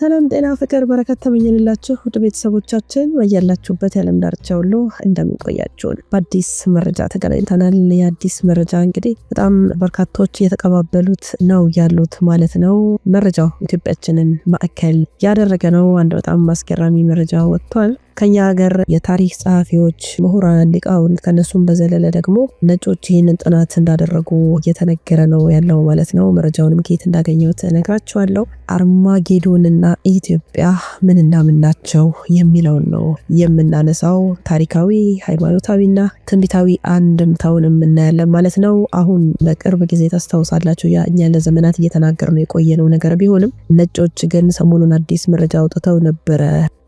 ሰላም ጤና ፍቅር በረከት ተመኝንላችሁ ውድ ቤተሰቦቻችን በያላችሁበት የዓለም ዳርቻ ሁሉ እንደምንቆያችሁን በአዲስ መረጃ ተገናኝተናል። የአዲስ መረጃ እንግዲህ በጣም በርካቶች እየተቀባበሉት ነው ያሉት ማለት ነው። መረጃው ኢትዮጵያችንን ማዕከል ያደረገ ነው። አንድ በጣም አስገራሚ መረጃ ወጥቷል። ከኛ ሀገር የታሪክ ጸሐፊዎች፣ ምሁራን፣ ሊቃውንት ከነሱም በዘለለ ደግሞ ነጮች ይህንን ጥናት እንዳደረጉ እየተነገረ ነው ያለው ማለት ነው። መረጃውንም ከየት እንዳገኘሁት እነግራችኋለሁ። አርማጌዶንና ኢትዮጵያ ምንና ምን ናቸው የሚለውን ነው የምናነሳው። ታሪካዊ፣ ሃይማኖታዊና ትንቢታዊ አንድምታውን እናያለን ማለት ነው። አሁን በቅርብ ጊዜ ታስታውሳላችሁ፣ እኛ ለዘመናት እየተናገር ነው የቆየነው ነገር ቢሆንም ነጮች ግን ሰሞኑን አዲስ መረጃ አውጥተው ነበረ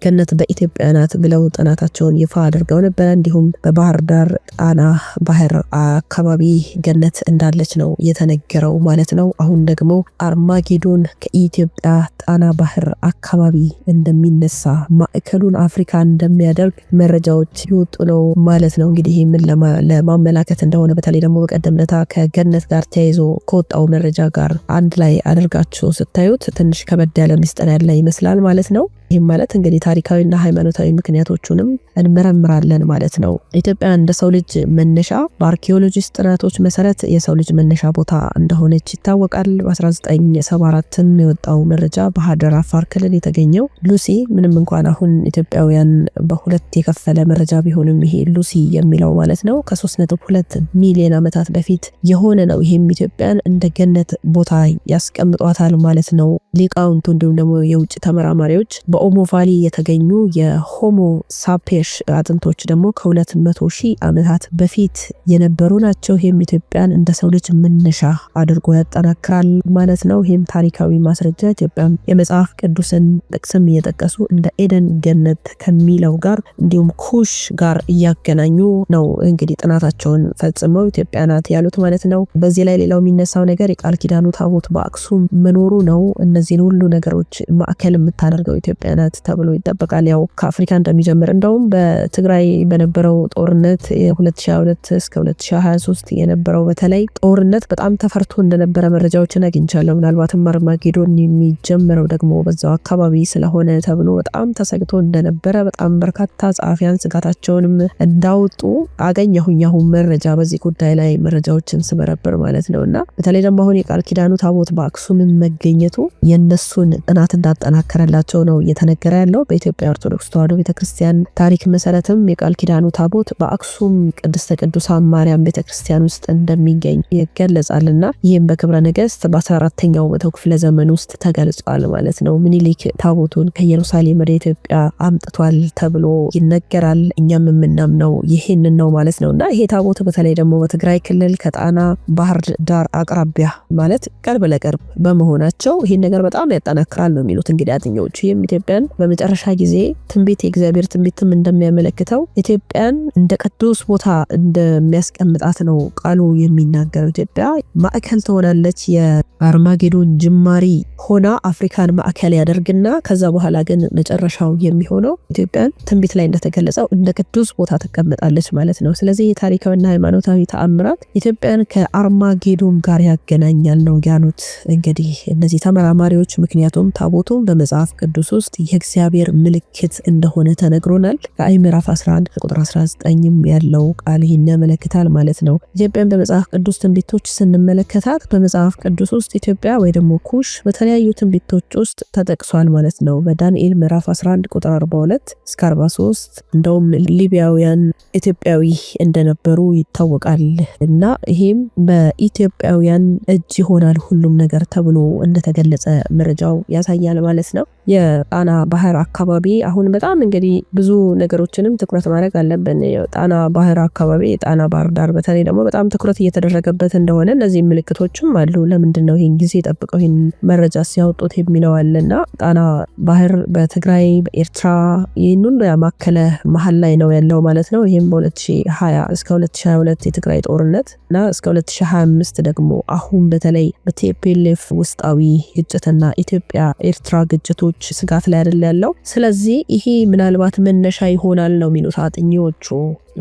ገነት በኢትዮጵያ ናት ብለው ጥናታቸውን ይፋ አድርገው ነበረ። እንዲሁም በባህር ዳር ጣና ባህር አካባቢ ገነት እንዳለች ነው የተነገረው ማለት ነው። አሁን ደግሞ አርማጌዶን ከኢትዮጵያ ጣና ባህር አካባቢ እንደሚነሳ ማዕከሉን አፍሪካ እንደሚያደርግ መረጃዎች ይወጡ ነው ማለት ነው። እንግዲህ ምን ለማመላከት እንደሆነ በተለይ ደግሞ በቀደምነታ ከገነት ጋር ተያይዞ ከወጣው መረጃ ጋር አንድ ላይ አድርጋችሁ ስታዩት ትንሽ ከበድ ያለ ሚስጥር ያለ ይመስላል ማለት ነው። ይህም ማለት እንግዲህ ታሪካዊና ሃይማኖታዊ ምክንያቶቹንም እንመረምራለን ማለት ነው። ኢትዮጵያ እንደ ሰው ልጅ መነሻ በአርኪኦሎጂስት ጥናቶች መሰረት የሰው ልጅ መነሻ ቦታ እንደሆነች ይታወቃል። በ1974 የወጣው መረጃ በሀደር አፋር ክልል የተገኘው ሉሲ ምንም እንኳን አሁን ኢትዮጵያውያን በሁለት የከፈለ መረጃ ቢሆንም ይሄ ሉሲ የሚለው ማለት ነው ከ3.2 ሚሊዮን ዓመታት በፊት የሆነ ነው። ይህም ኢትዮጵያን እንደ ገነት ቦታ ያስቀምጧታል ማለት ነው። ሊቃውንቱ እንዲሁም ደግሞ የውጭ ተመራማሪዎች በ በኦሞቫሊ ቫሊ የተገኙ የሆሞ ሳፔሽ አጥንቶች ደግሞ ከ200 ሺህ ዓመታት በፊት የነበሩ ናቸው። ይህም ኢትዮጵያን እንደ ሰው ልጅ መነሻ አድርጎ ያጠናክራል ማለት ነው። ይህም ታሪካዊ ማስረጃ ኢትዮጵያም የመጽሐፍ ቅዱስን ጥቅስም እየጠቀሱ እንደ ኤደን ገነት ከሚለው ጋር እንዲሁም ኩሽ ጋር እያገናኙ ነው እንግዲህ ጥናታቸውን ፈጽመው ኢትዮጵያ ናት ያሉት ማለት ነው። በዚህ ላይ ሌላው የሚነሳው ነገር የቃል ኪዳኑ ታቦት በአክሱም መኖሩ ነው። እነዚህን ሁሉ ነገሮች ማዕከል የምታደርገው ኢትዮጵያ ዕለት ተብሎ ይጠበቃል። ያው ከአፍሪካ እንደሚጀምር እንደውም በትግራይ በነበረው ጦርነት 2022 እስከ 2023 የነበረው በተለይ ጦርነት በጣም ተፈርቶ እንደነበረ መረጃዎችን አግኝቻለሁ። ምናልባትም አርማጌዶን የሚጀምረው ደግሞ በዛው አካባቢ ስለሆነ ተብሎ በጣም ተሰግቶ እንደነበረ በጣም በርካታ ጸሐፊያን ስጋታቸውንም እንዳወጡ አገኘሁኝ። አሁን መረጃ በዚህ ጉዳይ ላይ መረጃዎችን ስመረብር ማለት ነው እና በተለይ ደግሞ አሁን የቃል ኪዳኑ ታቦት በአክሱምን መገኘቱ የእነሱን ጥናት እንዳጠናከረላቸው ነው እየተነገረ ያለው በኢትዮጵያ ኦርቶዶክስ ተዋሕዶ ቤተክርስቲያን ታሪክ መሰረትም የቃል ኪዳኑ ታቦት በአክሱም ቅድስተ ቅዱሳን ማርያም ቤተክርስቲያን ውስጥ እንደሚገኝ ይገለጻልና ይህም በክብረ ነገስት በ14ተኛው መቶ ክፍለ ዘመን ውስጥ ተገልጿል ማለት ነው። ምኒልክ ታቦቱን ከኢየሩሳሌም ወደ ኢትዮጵያ አምጥቷል ተብሎ ይነገራል። እኛም የምናምነው ይህንን ነው ማለት ነው እና ይሄ ታቦት በተለይ ደግሞ በትግራይ ክልል ከጣና ባህር ዳር አቅራቢያ ማለት ቀርብ ለቀርብ በመሆናቸው ይህን ነገር በጣም ያጠናክራል ነው የሚሉት እንግዲህ አጥኚዎች ይህም ኢትዮጵያን በመጨረሻ ጊዜ ትንቢት የእግዚአብሔር ትንቢትም እንደሚያመለክተው ኢትዮጵያን እንደ ቅዱስ ቦታ እንደሚያስቀምጣት ነው ቃሉ የሚናገረው። ኢትዮጵያ ማዕከል ትሆናለች። የአርማጌዶን ጅማሪ ሆና አፍሪካን ማዕከል ያደርግና ከዛ በኋላ ግን መጨረሻው የሚሆነው ኢትዮጵያን ትንቢት ላይ እንደተገለጸው እንደ ቅዱስ ቦታ ትቀመጣለች ማለት ነው። ስለዚህ የታሪካዊና ሃይማኖታዊ ተአምራት ኢትዮጵያን ከአርማጌዶን ጋር ያገናኛል ነው ያኑት። እንግዲህ እነዚህ ተመራማሪዎች። ምክንያቱም ታቦቱ በመጽሐፍ ቅዱስ ውስጥ ውስጥ የእግዚአብሔር ምልክት እንደሆነ ተነግሮናል። ከአይ ምዕራፍ 11 ከቁጥር 19ም ያለው ቃል ይህን ያመለክታል ማለት ነው። ኢትዮጵያን በመጽሐፍ ቅዱስ ትንቢቶች ስንመለከታት በመጽሐፍ ቅዱስ ውስጥ ኢትዮጵያ ወይ ደግሞ ኩሽ በተለያዩ ትንቢቶች ውስጥ ተጠቅሷል ማለት ነው። በዳንኤል ምዕራፍ 11 ቁጥር 42 እስከ 43 እንደውም ሊቢያውያን ኢትዮጵያዊ እንደነበሩ ይታወቃል እና ይሄም በኢትዮጵያውያን እጅ ይሆናል ሁሉም ነገር ተብሎ እንደተገለጸ መረጃው ያሳያል ማለት ነው። ጣና ባህር አካባቢ አሁን በጣም እንግዲህ ብዙ ነገሮችንም ትኩረት ማድረግ አለብን። ጣና ባህር አካባቢ የጣና ባህር ዳር በተለይ ደግሞ በጣም ትኩረት እየተደረገበት እንደሆነ እነዚህ ምልክቶችም አሉ። ለምንድን ነው ይህን ጊዜ ጠብቀው ይህን መረጃ ሲያወጡት የሚለው አለ ጣና ባህር በትግራይ በኤርትራ ይህንን ያማከለ መሀል ላይ ነው ያለው ማለት ነው። ይህም በ2020 እስከ 2022 የትግራይ ጦርነት እና እስከ 2025 ደግሞ አሁን በተለይ በቲፒኤልኤፍ ውስጣዊ ግጭትና ኢትዮጵያ ኤርትራ ግጭቶች ስጋት ላይ አይደል ያለው። ስለዚህ ይሄ ምናልባት መነሻ ይሆናል ነው የሚሉት አጥኚዎቹ።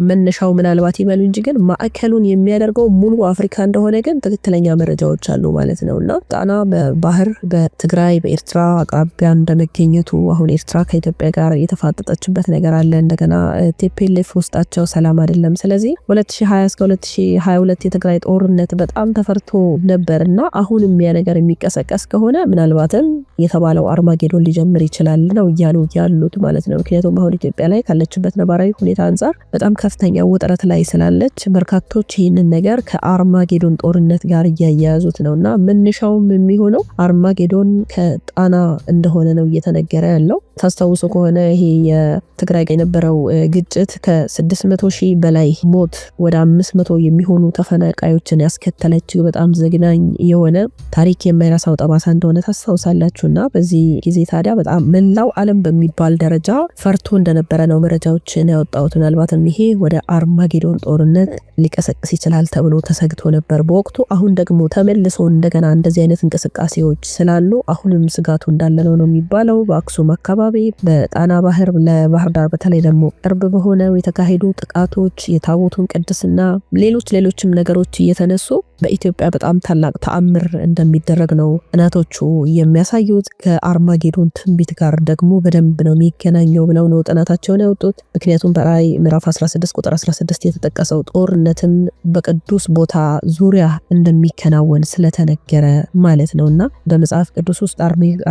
መነሻው ምናልባት ይበሉ እንጂ ግን ማዕከሉን የሚያደርገው ሙሉ አፍሪካ እንደሆነ ግን ትክክለኛ መረጃዎች አሉ ማለት ነው። እና ጣና በባህር በትግራይ በኤርትራ አቅራቢያ እንደመገኘቱ አሁን ኤርትራ ከኢትዮጵያ ጋር የተፋጠጠችበት ነገር አለ። እንደገና ቴፔሌፍ ውስጣቸው ሰላም አይደለም። ስለዚህ 2020 እስከ 2022 የትግራይ ጦርነት በጣም ተፈርቶ ነበር እና አሁንም ያ ነገር የሚቀሰቀስ ከሆነ ምናልባትም የተባለው አርማጌዶን ሊጀምር ይችላል ነው እያሉ ያሉት ማለት ነው። ምክንያቱም አሁን ኢትዮጵያ ላይ ካለችበት ነባራዊ ሁኔታ አንጻር በጣም ከፍተኛ ውጥረት ላይ ስላለች በርካቶች ይህንን ነገር ከአርማጌዶን ጦርነት ጋር እያያያዙት ነው እና መነሻውም የሚሆነው አርማጌዶን ከጣና እንደሆነ ነው እየተነገረ ያለው። ታስታውሶ ከሆነ ይሄ የትግራይ የነበረው ግጭት ከ600 ሺህ በላይ ሞት ወደ 500 የሚሆኑ ተፈናቃዮችን ያስከተለችው በጣም ዘግናኝ የሆነ ታሪክ የማይረሳው ጠባሳ እንደሆነ ታስታውሳላችሁ። እና በዚህ ጊዜ ታዲያ በጣም መላው ዓለም በሚባል ደረጃ ፈርቶ እንደነበረ ነው መረጃዎችን ያወጣሁት። ምናልባትም ይሄ ወደ አርማጌዶን ጦርነት ሊቀሰቅስ ይችላል ተብሎ ተሰግቶ ነበር በወቅቱ። አሁን ደግሞ ተመልሶ እንደገና እንደዚህ አይነት እንቅስቃሴዎች ስላሉ አሁንም ስጋቱ እንዳለ ነው ነው የሚባለው። በአክሱም አካባቢ፣ በጣና ባህር፣ ለባህር ዳር በተለይ ደግሞ ቅርብ በሆነው የተካሄዱ ጥቃቶች፣ የታቦቱን ቅድስና፣ ሌሎች ሌሎችም ነገሮች እየተነሱ በኢትዮጵያ በጣም ታላቅ ተአምር እንደሚደረግ ነው ጥናቶቹ የሚያሳዩት። ከአርማጌዶን ትንቢት ጋር ደግሞ በደንብ ነው የሚገናኘው ብለው ነው ጥናታቸውን ያወጡት። ምክንያቱም በራዕይ ምዕራፍ 16 16 ቁጥር 16 የተጠቀሰው ጦርነትን በቅዱስ ቦታ ዙሪያ እንደሚከናወን ስለተነገረ ማለት ነው እና በመጽሐፍ ቅዱስ ውስጥ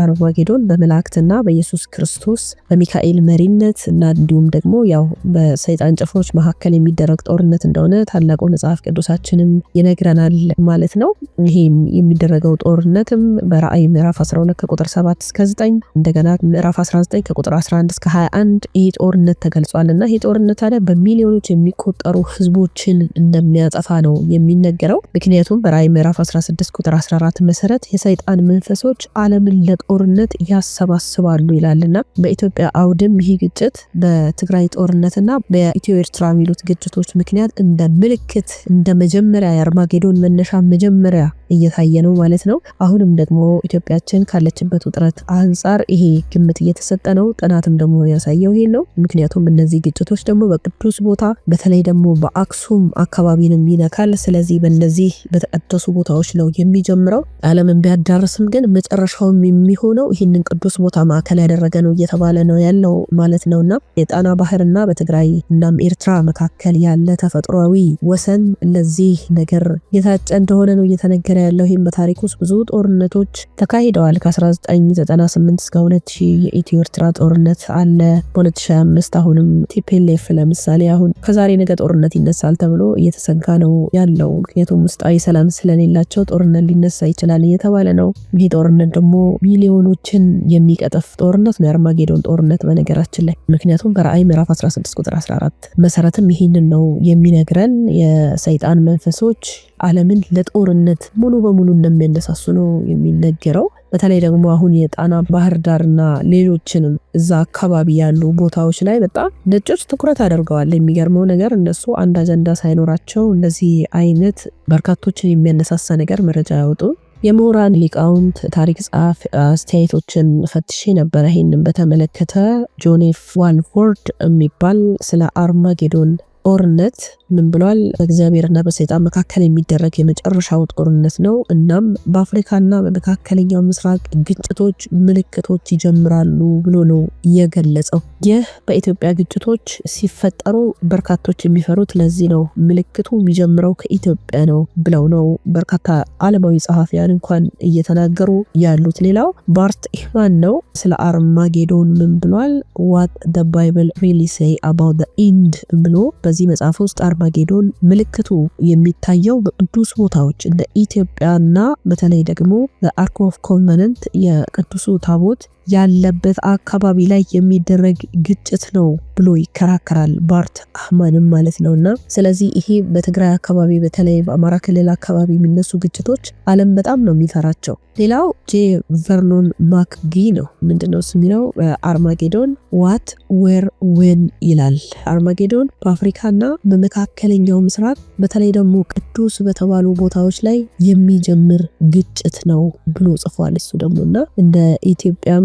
አርማጌዶን በመላእክትና በኢየሱስ ክርስቶስ በሚካኤል መሪነት እና እንዲሁም ደግሞ ያው በሰይጣን ጭፍሮች መካከል የሚደረግ ጦርነት እንደሆነ ታላቁ መጽሐፍ ቅዱሳችንም ይነግረናል ማለት ነው። ይሄም የሚደረገው ጦርነትም በራእይ ምዕራፍ 12 ከቁጥር 7 እስከ 9 እንደገና ምዕራፍ 19 ከቁጥር 11 እስከ 21 ይህ ጦርነት ተገልጿል እና ይህ ጦርነት ታዲያ በሚል በሚሊዮኖች የሚቆጠሩ ህዝቦችን እንደሚያጠፋ ነው የሚነገረው። ምክንያቱም በራይ ምዕራፍ 16 ቁጥር 14 መሰረት የሰይጣን መንፈሶች ዓለምን ለጦርነት ያሰባስባሉ ይላልና በኢትዮጵያ አውድም ይህ ግጭት በትግራይ ጦርነትና በኢትዮ ኤርትራ የሚሉት ግጭቶች ምክንያት እንደ ምልክት እንደ መጀመሪያ የአርማጌዶን መነሻ መጀመሪያ እየታየ ነው ማለት ነው። አሁንም ደግሞ ኢትዮጵያችን ካለችበት ውጥረት አንጻር ይሄ ግምት እየተሰጠ ነው። ጥናትም ደግሞ ያሳየው ይሄን ነው። ምክንያቱም እነዚህ ግጭቶች ደግሞ በቅዱስ ቦታ በተለይ ደግሞ በአክሱም አካባቢንም ይነካል። ስለዚህ በእነዚህ በተቀደሱ ቦታዎች ነው የሚጀምረው። ዓለምን ቢያዳርስም ግን መጨረሻውም የሚሆነው ይህንን ቅዱስ ቦታ ማዕከል ያደረገ ነው እየተባለ ነው ያለው ማለት ነው ና የጣና ባህርና በትግራይ እናም ኤርትራ መካከል ያለ ተፈጥሯዊ ወሰን ለዚህ ነገር የታጨ እንደሆነ ነው እየተነገረ ያለው። ይህም በታሪክ ውስጥ ብዙ ጦርነቶች ተካሂደዋል። ከ1998 እስከ 2000 የኢትዮ ኤርትራ ጦርነት አለ። በ2025 አሁንም ቲፒኤልኤፍ ለምሳሌ አሁን ከዛሬ ነገ ጦርነት ይነሳል ተብሎ እየተሰጋ ነው ያለው። ምክንያቱም ውስጣዊ ሰላም ስለሌላቸው ጦርነት ሊነሳ ይችላል እየተባለ ነው። ይህ ጦርነት ደግሞ ሚሊዮኖችን የሚቀጥፍ ጦርነት ነው፣ የአርማጌዶን ጦርነት በነገራችን ላይ ምክንያቱም በራእይ ምዕራፍ 16 ቁጥር 14 መሰረትም ይህንን ነው የሚነግረን የሰይጣን መንፈሶች ዓለምን ለጦርነት ሙሉ በሙሉ እንደሚያነሳሱ ነው የሚነገረው። በተለይ ደግሞ አሁን የጣና ባህር ዳርና ሌሎችንም እዛ አካባቢ ያሉ ቦታዎች ላይ በጣም ነጮች ትኩረት አድርገዋል። የሚገርመው ነገር እነሱ አንድ አጀንዳ ሳይኖራቸው እንደዚህ አይነት በርካቶችን የሚያነሳሳ ነገር መረጃ ያወጡ የምሁራን ሊቃውንት፣ ታሪክ ጸሐፍ አስተያየቶችን ፈትሼ ነበረ። ይህንን በተመለከተ ጆኔፍ ዋልፎርድ የሚባል ስለ አርማጌዶን ጦርነት ምን ብሏል? በእግዚአብሔርና በሰይጣን መካከል የሚደረግ የመጨረሻው ጦርነት ነው። እናም በአፍሪካና በመካከለኛው ምስራቅ ግጭቶች ምልክቶች ይጀምራሉ ብሎ ነው የገለጸው። ይህ በኢትዮጵያ ግጭቶች ሲፈጠሩ በርካቶች የሚፈሩት ለዚህ ነው። ምልክቱ የሚጀምረው ከኢትዮጵያ ነው ብለው ነው በርካታ ዓለማዊ ጸሐፊያን እንኳን እየተናገሩ ያሉት። ሌላው ባርት ኢህማን ነው ስለ አርማጌዶን ምን ብሏል? ዋት ደ ባይብል ሪሊ ሴይ አባውት ኢንድ ብሎ በዚህ መጽሐፍ ውስጥ አርማጌዶን ምልክቱ የሚታየው በቅዱስ ቦታዎች እንደ ኢትዮጵያና በተለይ ደግሞ በአርክ ኦፍ ኮቨናንት የቅዱሱ ታቦት ያለበት አካባቢ ላይ የሚደረግ ግጭት ነው ብሎ ይከራከራል። ባርት አህማንም ማለት ነው። እና ስለዚህ ይሄ በትግራይ አካባቢ በተለይ በአማራ ክልል አካባቢ የሚነሱ ግጭቶች ዓለም በጣም ነው የሚፈራቸው። ሌላው ጄ ቨርኖን ማክጊ ነው ምንድነው ስሚለው አርማጌዶን ዋት ዌር ዌን ይላል። አርማጌዶን በአፍሪካና በመካከለኛው ምስራቅ በተለይ ደግሞ ቅዱስ በተባሉ ቦታዎች ላይ የሚጀምር ግጭት ነው ብሎ ጽፏል። እሱ ደግሞ እና እንደ ኢትዮጵያም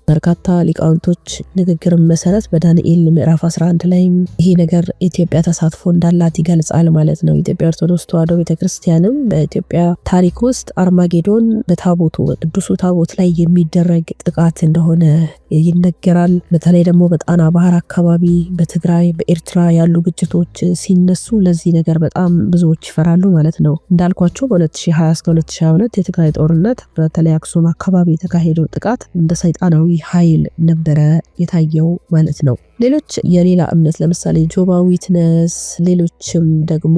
በርካታ ሊቃውንቶች ንግግር መሰረት በዳንኤል ምዕራፍ 11 ላይም ይሄ ነገር ኢትዮጵያ ተሳትፎ እንዳላት ይገልጻል ማለት ነው። ኢትዮጵያ ኦርቶዶክስ ተዋሕዶ ቤተክርስቲያንም በኢትዮጵያ ታሪክ ውስጥ አርማጌዶን በታቦቱ በቅዱሱ ታቦት ላይ የሚደረግ ጥቃት እንደሆነ ይነገራል። በተለይ ደግሞ በጣና ባህር አካባቢ፣ በትግራይ፣ በኤርትራ ያሉ ግጭቶች ሲነሱ ለዚህ ነገር በጣም ብዙዎች ይፈራሉ ማለት ነው። እንዳልኳቸው በ 2022 የትግራይ ጦርነት በተለይ አክሱም አካባቢ የተካሄደው ጥቃት እንደ ሰይጣናዊ ኃይል ነበረ የታየው ማለት ነው። ሌሎች የሌላ እምነት ለምሳሌ ጆባ ዊትነስ፣ ሌሎችም ደግሞ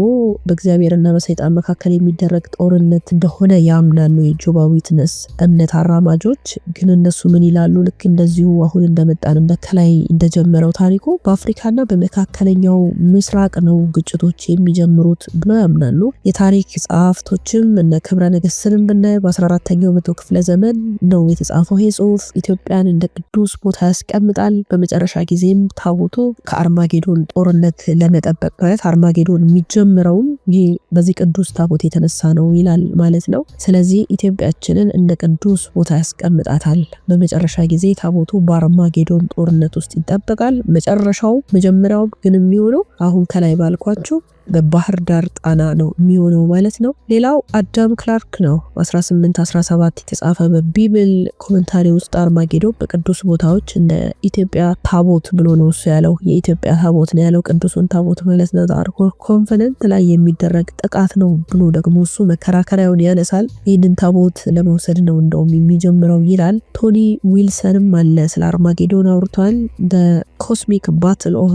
በእግዚአብሔርና በሰይጣን መካከል የሚደረግ ጦርነት እንደሆነ ያምናሉ። የጆባ ዊትነስ እምነት አራማጆች ግን እነሱ ምን ይላሉ? ልክ እንደዚሁ አሁን እንደመጣንበት ከላይ እንደጀመረው ታሪኩ በአፍሪካና በመካከለኛው ምስራቅ ነው ግጭቶች የሚጀምሩት ብለው ያምናሉ። የታሪክ ጸሐፍቶችም እነ ክብረ ነገሥትንም ብናየ በ14ተኛው መቶ ክፍለ ዘመን ነው የተጻፈው ይህ ጽሁፍ ኢትዮጵያን እንደ ቅዱስ ቦታ ያስቀምጣል። በመጨረሻ ጊዜም ታቦቱ ከአርማጌዶን ጦርነት ለመጠበቅ ማለት አርማጌዶን የሚጀምረውም ይህ በዚህ ቅዱስ ታቦት የተነሳ ነው ይላል ማለት ነው። ስለዚህ ኢትዮጵያችንን እንደ ቅዱስ ቦታ ያስቀምጣታል። በመጨረሻ ጊዜ ታቦቱ በአርማጌዶን ጦርነት ውስጥ ይጠበቃል። መጨረሻው መጀመሪያው ግን የሚሆነው አሁን ከላይ ባልኳችሁ በባህር ዳር ጣና ነው የሚሆነው ማለት ነው። ሌላው አዳም ክላርክ ነው 1817 የተጻፈ በቢብል ኮመንታሪ ውስጥ አርማጌዶ በቅዱስ ቦታዎች እንደ ኢትዮጵያ ታቦት ብሎ ነው ነው ያለው የኢትዮጵያ ታቦት ነው ያለው ቅዱሱን ታቦት መለስ ነው ኮንፈደንት ላይ የሚደረግ ጥቃት ነው ብሎ ደግሞ እሱ መከራከሪያውን ያነሳል። ይህንን ታቦት ለመውሰድ ነው እንደውም የሚጀምረው ይላል። ቶኒ ዊልሰንም አለ ስለ አርማጌዶን አውርቷል። ኮስሚክ ባትል ኦፍ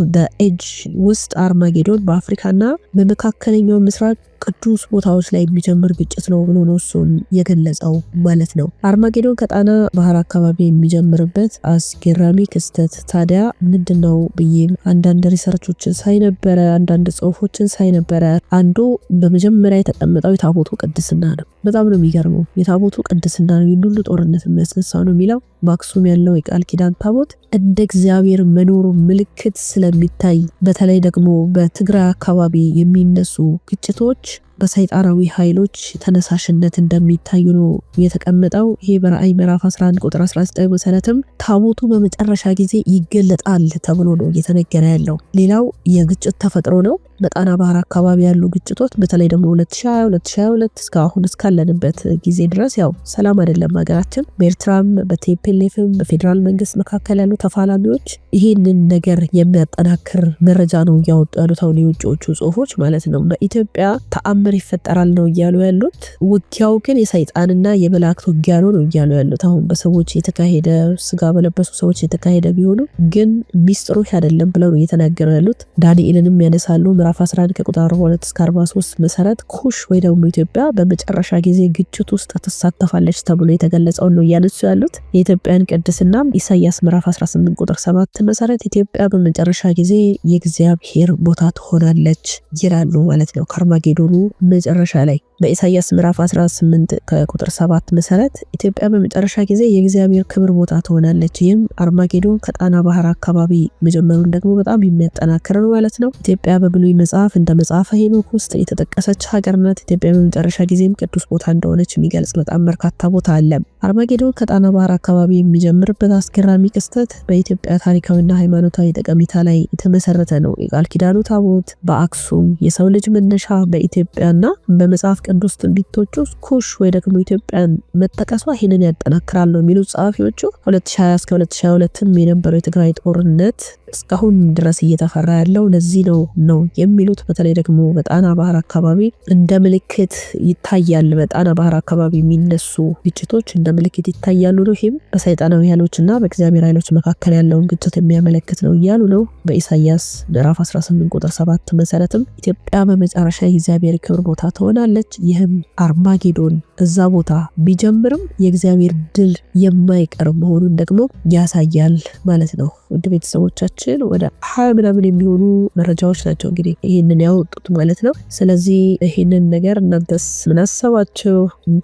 ኤጅ ውስጥ አርማጌዶን በአፍሪካና በመካከለኛው ምስራቅ ቅዱስ ቦታዎች ላይ የሚጀምር ግጭት ነው ብሎ ነው እሱን የገለጸው ማለት ነው። አርማጌዶን ከጣና ባህር አካባቢ የሚጀምርበት አስገራሚ ክስተት ታዲያ ምንድን ነው ብዬም አንዳንድ ሪሰርቾችን ሳይነበረ አንዳንድ ጽሁፎችን ሳይነበረ አንዱ በመጀመሪያ የተቀመጠው የታቦቱ ቅድስና ነው። በጣም ነው የሚገርመው። የታቦቱ ቅድስና ነው ሁሉ ጦርነት የሚያስነሳው ነው የሚለው። በአክሱም ያለው የቃል ኪዳን ታቦት እንደ እግዚአብሔር መኖሩ ምልክት ስለሚታይ፣ በተለይ ደግሞ በትግራይ አካባቢ የሚነሱ ግጭቶች በሰይጣናዊ ኃይሎች ተነሳሽነት እንደሚታዩ ነው የተቀመጠው። ይህ በራእይ ምዕራፍ 11 ቁጥር 19 መሰረትም ታቦቱ በመጨረሻ ጊዜ ይገለጣል ተብሎ ነው እየተነገረ ያለው። ሌላው የግጭት ተፈጥሮ ነው። በጣና ባህር አካባቢ ያሉ ግጭቶች በተለይ ደግሞ 2022 እስከ አሁን እስካለንበት ጊዜ ድረስ ያው ሰላም አይደለም ሀገራችን። በኤርትራም በቴፔሌፍም በፌዴራል መንግስት መካከል ያሉ ተፋላሚዎች ይህንን ነገር የሚያጠናክር መረጃ ነው እያወጡ ያሉት አሁን የውጭዎቹ ጽሁፎች ማለት ነው። በኢትዮጵያ ተአምር ድምር ይፈጠራል ነው እያሉ ያሉት። ውጊያው ግን የሰይጣንና የመላእክት ውጊያ ነው ነው እያሉ ያሉት። አሁን በሰዎች የተካሄደ ስጋ በለበሱ ሰዎች የተካሄደ ቢሆንም ግን ሚስጥሮች አይደለም ብለው ነው እየተናገሩ ያሉት። ዳንኤልንም ያነሳሉ። ምዕራፍ 11 ከቁጥር 42 እስከ 43 መሰረት ኩሽ ወይ ደግሞ ኢትዮጵያ በመጨረሻ ጊዜ ግጭት ውስጥ ትሳተፋለች ተብሎ የተገለጸውን ነው እያነሱ ያሉት። የኢትዮጵያን ቅድስና ኢሳያስ ምዕራፍ 18 ቁጥር 7 መሰረት ኢትዮጵያ በመጨረሻ ጊዜ የእግዚአብሔር ቦታ ትሆናለች ይላሉ ማለት ነው። ከአርማጌዶኑ መጨረሻ ላይ በኢሳይያስ ምዕራፍ 18 ከቁጥር 7 መሰረት ኢትዮጵያ በመጨረሻ ጊዜ የእግዚአብሔር ክብር ቦታ ትሆናለች። ይህም አርማጌዶን ከጣና ባህር አካባቢ መጀመሩን ደግሞ በጣም የሚያጠናክር ነው ማለት ነው። ኢትዮጵያ በብሉይ መጽሐፍ እንደ መጽሐፈ ሄኖክ ውስጥ የተጠቀሰች ሀገር ናት። ኢትዮጵያ በመጨረሻ ጊዜም ቅዱስ ቦታ እንደሆነች የሚገልጽ በጣም በርካታ ቦታ አለ። አርማጌዶን ከጣና ባህር አካባቢ የሚጀምርበት አስገራሚ ክስተት በኢትዮጵያ ታሪካዊና ሃይማኖታዊ ጠቀሜታ ላይ የተመሰረተ ነው። የቃል ኪዳኑ ታቦት በአክሱም የሰው ልጅ መነሻ በኢትዮጵያና በመጽሐፍ ቅዱስ ትንቢቶች ውስጥ ኩሽ ወይ ደግሞ ኢትዮጵያን መጠቀሷ ይህንን ያጠናክራል ነው የሚሉ ጸሐፊዎቹ። 2020 እስከ 2022 የነበረው የትግራይ ጦርነት እስካሁን ድረስ እየተፈራ ያለው ለዚህ ነው ነው የሚሉት። በተለይ ደግሞ በጣና ባህር አካባቢ እንደ ምልክት ይታያል። በጣና ባህር አካባቢ የሚነሱ ግጭቶች እንደ ምልክት ይታያሉ ነው። ይህም በሰይጣናዊ ኃይሎች እና በእግዚአብሔር ኃይሎች መካከል ያለውን ግጭት የሚያመለክት ነው እያሉ ነው። በኢሳያስ ምዕራፍ 18 ቁጥር 7 መሰረትም ኢትዮጵያ በመጨረሻ የእግዚአብሔር ክብር ቦታ ትሆናለች ይህም አርማጌዶን እዛ ቦታ ቢጀምርም የእግዚአብሔር ድል የማይቀር መሆኑን ደግሞ ያሳያል ማለት ነው። ውድ ቤተሰቦቻችን ወደ ሀያ ምናምን የሚሆኑ መረጃዎች ናቸው እንግዲህ ይህንን ያወጡት ማለት ነው። ስለዚህ ይህንን ነገር እናንተስ ምን አሰባችሁ?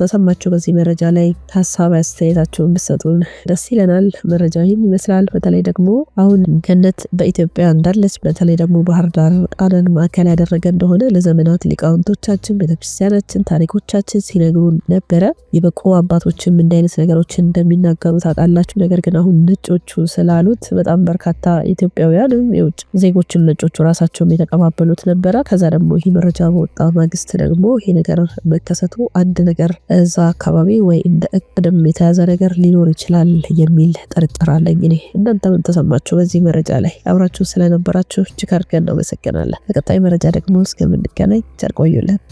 ተሰማችሁ? በዚህ መረጃ ላይ ሀሳብ አስተያየታችሁን ብትሰጡን ደስ ይለናል። መረጃ ይህን ይመስላል። በተለይ ደግሞ አሁን ገነት በኢትዮጵያ እንዳለች በተለይ ደግሞ ባህር ዳር ጣናን ማዕከል ያደረገ እንደሆነ ለዘመናት ሊቃውንቶቻችን፣ ቤተክርስቲያናችን፣ ታሪኮቻችን ሲነግሩን ነበረ። የበቆ አባቶችም እንደ አይነት ነገሮችን እንደሚናገሩ ታውቃላችሁ። ነገር ግን አሁን ነጮቹ ስላሉት በጣም በጣም በርካታ ኢትዮጵያውያን የውጭ ዜጎችን ነጮቹ ራሳቸውም የተቀባበሉት ነበረ። ከዛ ደግሞ ይህ መረጃ በወጣ ማግስት ደግሞ ይሄ ነገር መከሰቱ አንድ ነገር እዛ አካባቢ ወይ እንደ እቅድም የተያዘ ነገር ሊኖር ይችላል የሚል ጥርጥር አለኝ እኔ። እናንተ ምን ተሰማችሁ በዚህ መረጃ ላይ? አብራችሁ ስለነበራችሁ እጅግ አድርገን እናመሰግናለን። በቀጣይ መረጃ ደግሞ እስከምንገናኝ ቸር ቆዩልን።